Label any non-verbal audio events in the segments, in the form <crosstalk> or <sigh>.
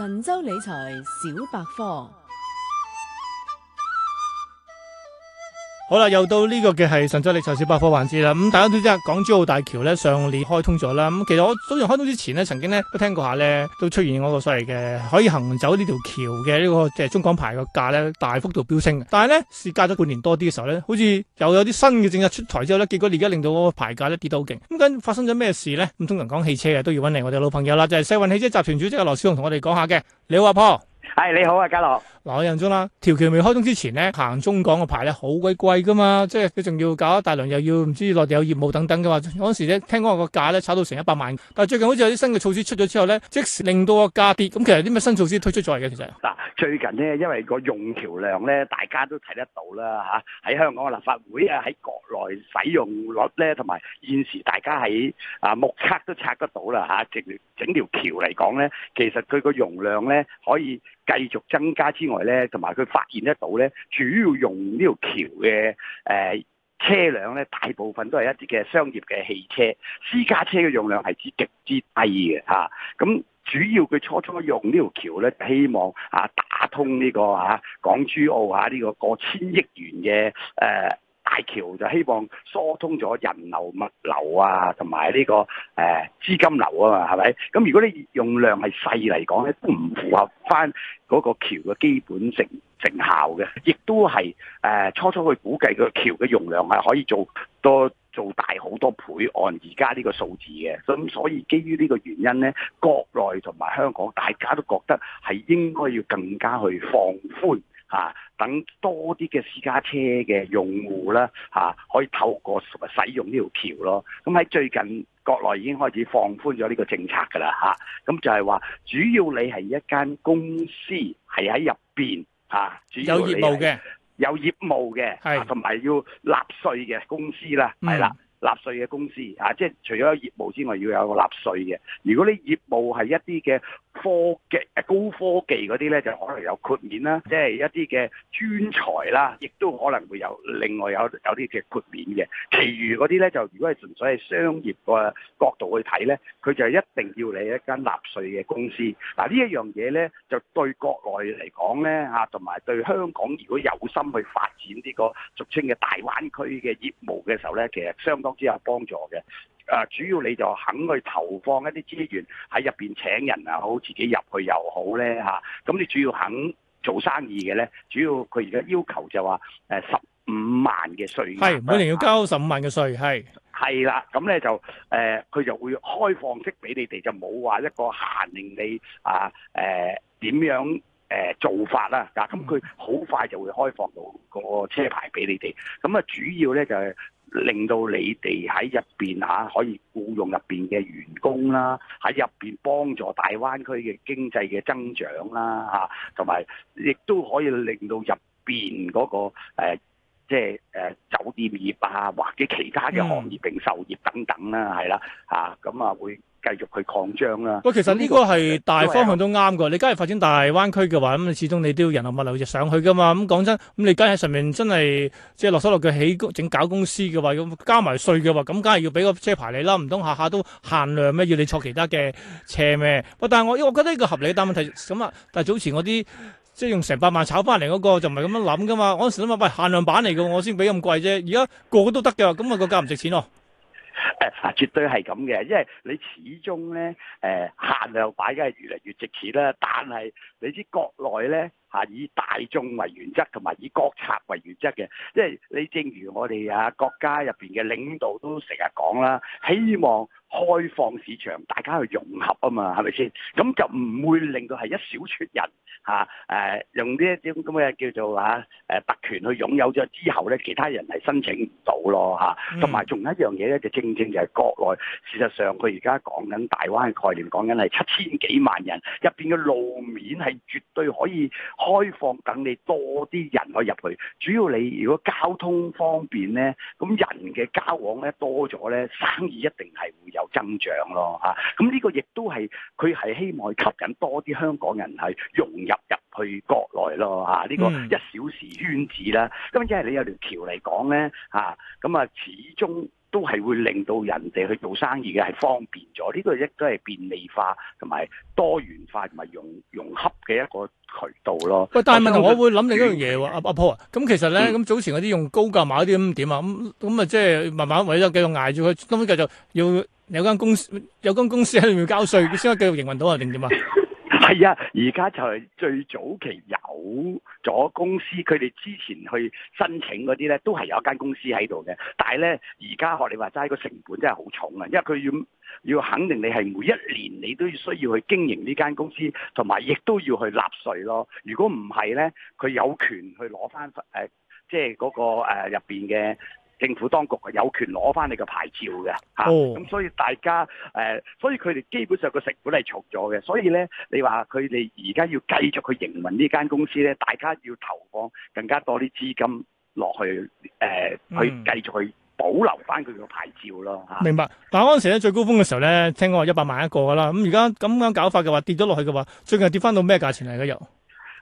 神州理財小百科。好啦，又到呢個嘅係神州力財小百科環節啦。咁大家都知道港珠澳大橋咧上年開通咗啦。咁其實我早上開通之前咧，曾經咧都聽過下咧，都出現我個所謂嘅可以行走呢條橋嘅呢個即係中港牌嘅價咧大幅度飆升。但係咧事隔咗半年多啲嘅時候咧，好似又有啲新嘅政策出台之後咧，結果而家令到個牌價一跌到好勁。咁跟發生咗咩事咧？咁通常講汽車嘅都要揾嚟我哋老朋友啦，就係、是、世運汽車集團主席阿羅小雄同我哋講下嘅。你好，啊，阿婆，係、哎、你好啊，家樂。嗱，我印象啦，條橋未開通之前咧，行中港嘅牌咧好鬼貴噶嘛，即係佢仲要搞一大輪，又要唔知內地有業務等等嘅嘛。嗰時咧聽講個價咧炒到成一百萬，但係最近好似有啲新嘅措施出咗之後咧，即時令到個價跌。咁其實啲咩新措施推出咗嚟嘅？其實嗱，最近咧因為個用橋量咧大家都睇得到啦嚇，喺香港嘅立法會啊，喺國內使用率咧同埋現時大家喺啊目測都測得到啦嚇，整整條橋嚟講咧，其實佢個容量咧可以繼續增加之外。咧，同埋佢發現得到咧，主要用呢條橋嘅誒車輛咧，大部分都係一啲嘅商業嘅汽車，私家車嘅用量係至極之低嘅嚇。咁、啊、主要佢初初用這條橋呢條橋咧，希望啊打通呢、這個嚇、啊、港珠澳嚇呢、啊這個過千億元嘅誒。啊大橋就希望疏通咗人流、物流啊，同埋呢個誒、呃、資金流啊嘛，係咪？咁如果你用量係細嚟講咧，都唔符合翻嗰個橋嘅基本成成效嘅，亦都係誒、呃、初初去估計個橋嘅容量係可以做多做大好多倍按而家呢個數字嘅，咁所以基於呢個原因咧，國內同埋香港大家都覺得係應該要更加去放寬吓、啊等多啲嘅私家車嘅用戶啦、啊，可以透過使用呢條橋咯。咁、啊、喺最近國內已經開始放寬咗呢個政策㗎啦，咁、啊、就係話、啊，主要你係一間公司係喺入邊有業務嘅，有業務嘅，同埋要納稅嘅公司啦，係啦，嗯、納稅嘅公司、啊、即除咗有業務之外要有一個納稅嘅。如果你業務係一啲嘅，科技誒高科技嗰啲咧就可能有豁免啦，即係一啲嘅專才啦，亦都可能會有另外有有啲嘅豁免嘅。其餘嗰啲咧就如果係純粹係商業個角度去睇咧，佢就一定要你一間納稅嘅公司。嗱呢一樣嘢咧就對國內嚟講咧嚇，同埋對香港如果有心去發展呢個俗稱嘅大灣區嘅業務嘅時候咧，其實相當之有幫助嘅。誒主要你就肯去投放一啲資源喺入邊請人又好，自己入去又好咧嚇。咁、啊、你主要肯做生意嘅咧，主要佢而家要求就話誒十五萬嘅稅。係每年要交十五萬嘅稅。係係啦，咁、啊、咧就誒佢、啊、就會開放式俾你哋，就冇話一個限令你啊誒點、呃、樣誒、呃、做法啦。咁佢好快就會開放到個車牌俾你哋。咁啊，主要咧就係、是。令到你哋喺入邊嚇可以僱用入邊嘅員工啦，喺入邊幫助大灣區嘅經濟嘅增長啦嚇，同埋亦都可以令到入邊嗰個誒，即係誒酒店業啊，或者其他嘅行業零售業等等啦，係啦嚇，咁啊會。繼續去擴張啦。喂，其實呢個係大方向都啱噶。你梗係發展大灣區嘅話，咁你始終你都要人流物流就上去噶嘛。咁講真，咁你梗係喺上面真係即係落手落腳起整搞公司嘅話，要加埋稅嘅話，咁梗係要俾個車牌你啦。唔通下下都限量咩？要你坐其他嘅車咩？喂，但係我，我覺得呢個合理。但係問題咁啊，但係早前我啲即係用成百萬炒翻嚟嗰個就唔係咁樣諗噶嘛。我嗰時諗啊，喂，限量版嚟嘅我先俾咁貴啫。而家個個都得嘅，咁啊個價唔值錢咯啊。誒啊，絕對係咁嘅，因為你始終呢誒限量擺，梗係越嚟越值錢啦。但係你知道國內呢吓，以大眾為原則，同埋以國策為原則嘅，即係你正如我哋啊國家入邊嘅領導都成日講啦，希望。開放市場，大家去融合啊嘛，係咪先？咁就唔會令到係一小撮人嚇誒、啊呃、用呢一種咁嘅叫做啊、誒、呃、特權去擁有咗之後咧，其他人係申請唔到咯嚇。同埋仲有一樣嘢咧，就正正就係國內事實上佢而家講緊大灣嘅概念，講緊係七千幾萬人入邊嘅路面係絕對可以開放等你多啲人去入去。主要你如果交通方便咧，咁人嘅交往咧多咗咧，生意一定係會有。有增長咯嚇，咁呢個亦都係佢係希望吸引多啲香港人係融入入去國內咯嚇，呢個一小時圈子啦、嗯樣。咁本即係你有條橋嚟講咧嚇，咁啊、嗯、始終都係會令到人哋去做生意嘅係方便咗，呢個亦都係便利化同埋多元化同埋融融合嘅一個渠道咯，咯、嗯啊。喂、呃，但係問題我會諗另一樣嘢喎，阿阿婆啊，咁其實咧咁、嗯、早前嗰啲用高價買嗰啲咁點啊咁咁啊即係慢慢為咗繼續捱住佢，根本繼續要。有間公司有間公司喺裏面交稅，先可以繼續營運到啊定點啊？係啊，而 <laughs> 家就係最早期有咗公司，佢哋之前去申請嗰啲咧，都係有一間公司喺度嘅。但係咧，而家學你話齋個成本真係好重啊，因為佢要要肯定你係每一年你都需要去經營呢間公司，同埋亦都要去納稅咯。如果唔係咧，佢有權去攞翻誒，即係嗰個誒入邊嘅。呃政府當局有權攞翻你個牌照嘅，嚇、哦、咁、啊、所以大家誒、呃，所以佢哋基本上個成本係重咗嘅。所以咧，你話佢哋而家要繼續去營運呢間公司咧，大家要投放更加多啲資金落去誒、呃，去繼續去保留翻佢個牌照咯嚇、嗯啊。明白。但嗰陣時咧，最高峰嘅時候咧，聽講話一百萬一個㗎啦。咁而家咁樣搞法嘅話，跌咗落去嘅話，最近跌翻到咩價錢嚟嘅又？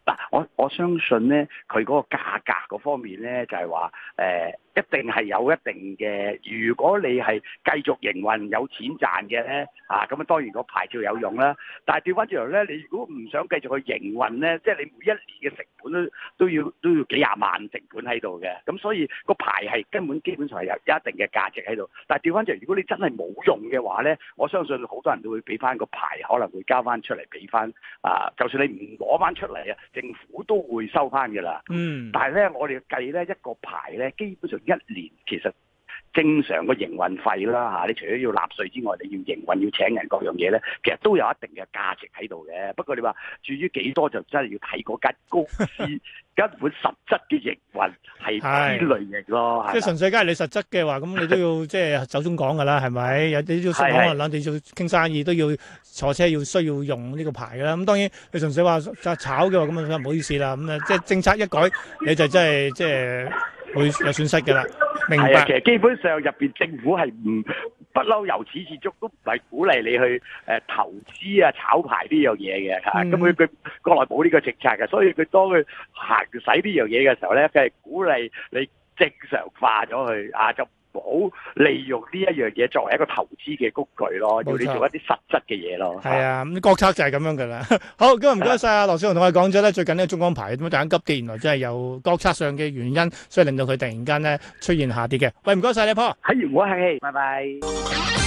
嗱、啊，我我相信咧，佢嗰個價格嗰方面咧，就係話誒。呃一定係有一定嘅，如果你係繼續營運有錢賺嘅咧，啊咁啊當然個牌照有用啦。但係調翻轉頭咧，你如果唔想繼續去營運咧，即係你每一年嘅成本都都要都要幾廿萬成本喺度嘅。咁所以個牌係根本基本上係有一定嘅價值喺度。但係調翻轉，如果你真係冇用嘅話咧，我相信好多人都會俾翻個牌可能會交翻出嚟俾翻啊。就算你唔攞翻出嚟啊，政府都會收翻㗎啦。嗯。但係咧，我哋計咧一個牌咧，基本上。一年其實正常嘅營運費啦嚇，你除咗要納稅之外，你要營運要請人各樣嘢咧，其實都有一定嘅價值喺度嘅。不過你話至於幾多就真係要睇嗰間公司根 <laughs> 本實質嘅營運係啲類型咯。即係純粹，梗係你實質嘅話，咁你都要即係走中港㗎啦，係 <laughs> 咪？有啲要可能 <laughs> 兩地做傾生意都要坐車要需要用呢個牌㗎啦。咁當然你純粹話炒嘅話，咁啊唔好意思啦。咁啊即係政策一改，你就真係即係。即係會有損失嘅啦，明白，係啊，其實基本上入邊政府係唔不嬲由始至終都唔係鼓勵你去誒投資啊炒牌呢樣嘢嘅，咁佢佢國內冇呢個政策嘅，所以佢當佢行使呢樣嘢嘅時候咧，佢係鼓勵你正常化咗去啊就。好利用呢一樣嘢作為一個投資嘅工具咯，要你做一啲實質嘅嘢咯。係啊，咁啲國策就係咁樣噶啦。 <laughs> 好，今日唔該晒啊，羅、啊、小龍同我講咗咧，最近呢中港牌點解突然急跌，原來真係有國策上嘅原因，所以令到佢突然間咧出現下跌嘅。喂，唔該晒你、啊，阿波。喺，如果係，拜拜。拜拜。